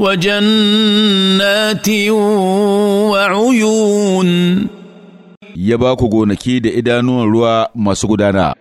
وجنات وعيون ya ba ku gonaki da idanuwan ruwa masu gudana.